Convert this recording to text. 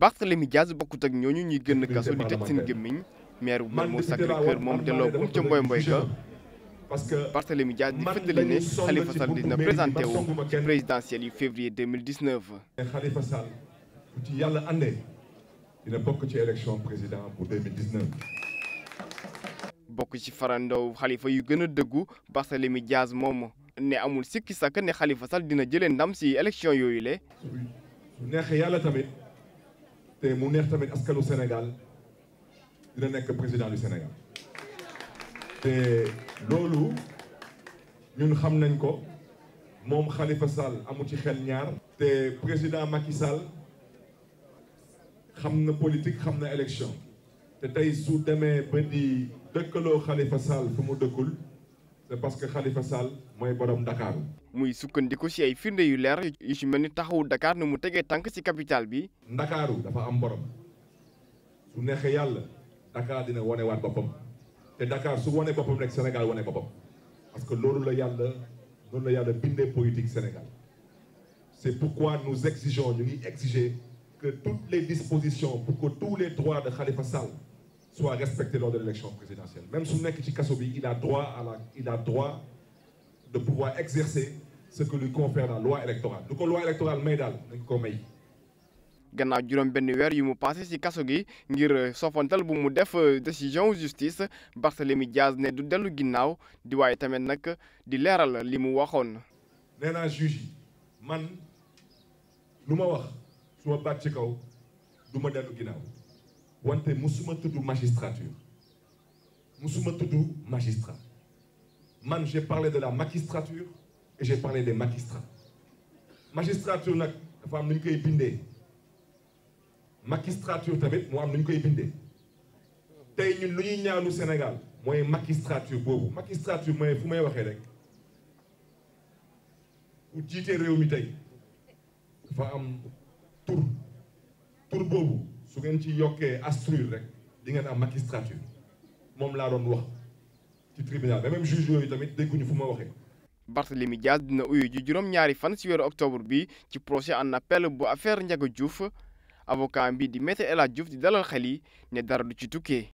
Barthélemy Diaz bokkut ak ñooñu ñuy gën kaso di tëj seen gémmiñ maire bu Mermoz Sacré-Cœur mom délo bu ci mboy mboy ga Barthélemy Diaz di fëttali né Khalifa Sall dina présenté wu présidentiel yu février 2019 Khalifa Sall bu ci Yalla andé dina bokk ci élection président pour 2019 bokk ci farandow Khalifa yu gën deggu dëggu Barthélemy Diaz moom ne amul sikki sak ne Khalifa Sall dina jëlee ndam ci élection yoyu lé su neexee yalla tamit te mu neex tamit askanu Sénégal dina nekk président du Sénégal te Lolo, ñun xam nañ ko moom Khalifa Sall amu ci xel ñaar président Macky Sall xam politique xam élection te tey su demee ba di dëkkaloo Khalifa Sall fu mu parce que Khalifa Sall suis borom Dakar. muy ci ay firnde Dakar mu ci capital bi. dafa am borom Dakar dina Dakar su Sénégal parce que la politique Sénégal c'est pourquoi nous exigeons nous que toutes les dispositions pour que tous les droits de Khalifa Sall soit respecté lors de l'élection présidentielle. Même si Kasobi, il a droit à la, il a droit de pouvoir exercer ce que lui confère la loi électorale. Donc la loi électorale may daal nañ ko may. gannaaw juroom benn weer yu mu passé ci kaso gi ngir sofontal bu mu def euh, décision justice Barthélémy Diaz ne du delu ginnaaw di waaye tamit nag di leeral li mu waxoon. nee naa juge yi man lu ma wax su ma baat ci kaw du ma dellu ginnaaw wante musuma tudd magistrature musuma tudd magistrat man j'ai parlé de la magistrature et j'ai parlé des magistrats magistrature nak dafa am nu ñu koy bindé magistrature tamit mo am nu ñu koy bindé tay ñun lu ñuy ñaanu Sénégal moy magistrature bobu magistrature moy fu may waxee rek ku jiitee réew mi tay dafa am tour tour bobu su ngeen ci yokkee astrure rek di ngeen am magistrature moom laa doon wax ci tribunal mais même juge yooyu tamit dégguñu fu ma waxee. Barthélemy Dias dina uyu ji juróom-ñaari fan ci weeru octobre bi ci procès en appel bu affaire Ndiaga Diouf avocat bi di maître El Hadj di dalal xel yi ne dara du ci tukkee.